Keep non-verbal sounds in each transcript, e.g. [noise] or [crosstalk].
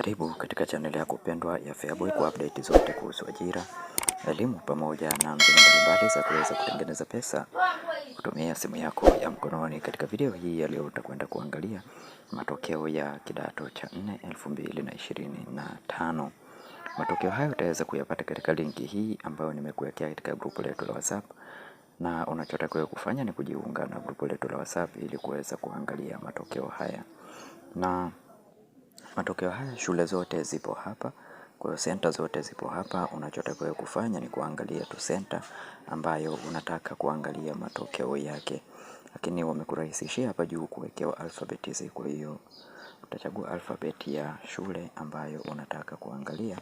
Karibu katika chaneli yako pendwa ya Feaboy kwa update zote kuhusu ajira, elimu pamoja na mbinu mbalimbali za kuweza kutengeneza pesa kutumia simu yako ya mkononi. Katika video hii ya leo utakwenda kuangalia matokeo ya kidato cha 4 2025. Matokeo hayo utaweza kuyapata katika linki hii ambayo nimekuwekea katika grupu letu la WhatsApp na unachotakiwa kufanya ni kujiunga na grupu letu la WhatsApp ili kuweza kuangalia matokeo haya na Matokeo haya shule zote zipo hapa, kwa hiyo senta zote zipo hapa. Unachotakiwa kufanya ni kuangalia tu senta ambayo unataka kuangalia matokeo yake, lakini wamekurahisishia hapa juu kuwekewa alfabeti hizi. Kwa hiyo utachagua alfabeti ya shule ambayo unataka kuangalia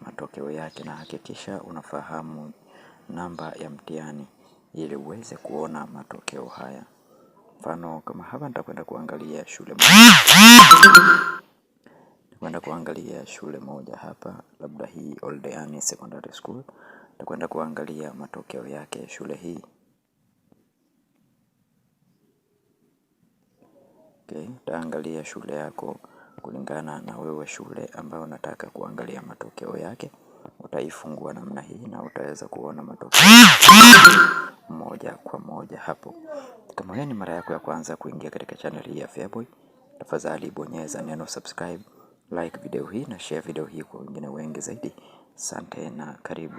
matokeo yake, na hakikisha unafahamu namba ya mtihani ili uweze kuona matokeo haya. Mfano kama hapa nitakwenda kuangalia shule Nitakwenda kuangalia shule moja hapa, labda hii Oldeani Secondary School. Nitakwenda kuangalia matokeo yake shule hii. Okay, taangalia shule yako kulingana na wewe shule ambayo unataka kuangalia matokeo yake. Utaifungua namna hii na utaweza kuona matokeo [coughs] moja kwa moja hapo. Kama ni mara yako ya kwanza kuingia katika channel hii ya Feaboy, tafadhali bonyeza neno subscribe like video hii na share video hii kwa wengine wengi zaidi. Asante na karibu.